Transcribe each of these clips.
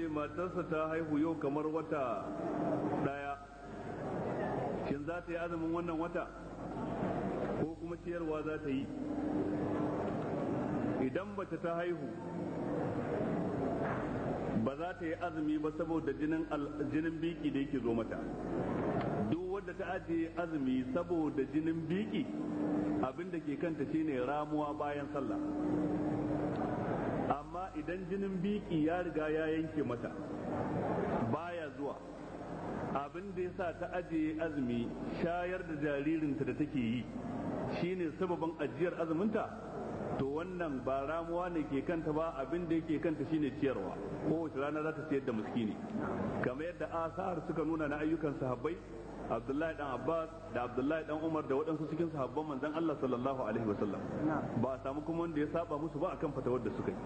ce matarsa ta haihu yau kamar wata daya shin za ta yi azumin wannan wata ko kuma ciyarwa za ta yi idan bata ta haihu ba za ta yi azumi ba saboda jinin biki da yake zo mata duk wadda ta ajiye azumi saboda jinin biki abinda ke kanta shine ramuwa bayan sallah amma idan jinin biki ya riga ya yanke mata baya zuwa abin da ya sa ta ajiye azumi shayar da jaririnta da take yi shine sababin ajiyar azuminta to wannan ba ramuwa ne ke kanta ba abin da yake kanta shine ciyarwa kowace rana za ta ciyar da miskini kamar yadda asar suka nuna na ayyukan sahabbai abdullahi dan abbas da abdullahi dan umar da waɗansu cikin sahabban manzon allah sallallahu alaihi wasallam ba a samu kuma wanda ya saba musu ba akan fatawar da suka yi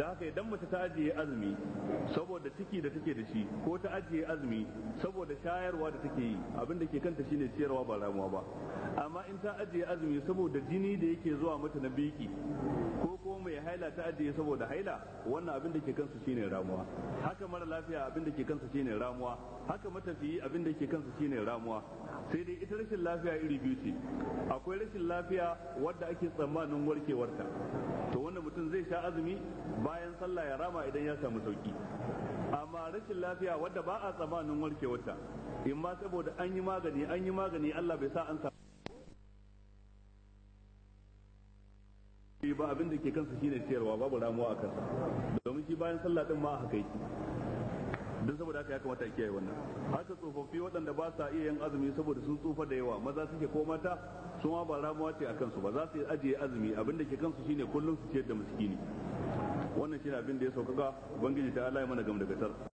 da haka idan mace ta ajiye azumi saboda Da ciki da take da shi ko ta ajiye azumi saboda shayarwa da take yi abin da ke kanta shine ciyarwa ba ramuwa ba amma in ta ajiye azumi saboda jini da yake zuwa mata na biki ko ko mai haila ta ajiye saboda haila wannan abin da ke kansu shine ramuwa haka mara lafiya abin da ke kansu shine ramuwa haka matafiyi abin da ke kansu shine ramuwa sai dai ita rashin lafiya iri biyu ce akwai rashin lafiya wadda ake tsammanin warkewarta mutum zai sha azumi bayan sallah ya rama idan ya samu sauki amma rashin lafiya wadda ba a tsamanin warkewarta in ma saboda an yi magani an yi magani Allah bai sa an samu ba abin da ke kansa shine ciyarwa babu ramuwa a kansa domin shi bayan sallah din ma haka yake don saboda haka ya kamata a kiyaye wannan haka tsofaffi waɗanda ba sa iya yin azumi saboda sun tsufa da yawa maza suke ko mata su ma ba ramuwa ce a kansu ba za su ajiye azumi abin da ke kansu shine kullum su ciyar da miskini wannan shine abin da ya sauƙaƙa ubangiji ta Allah ya mana gam da gatar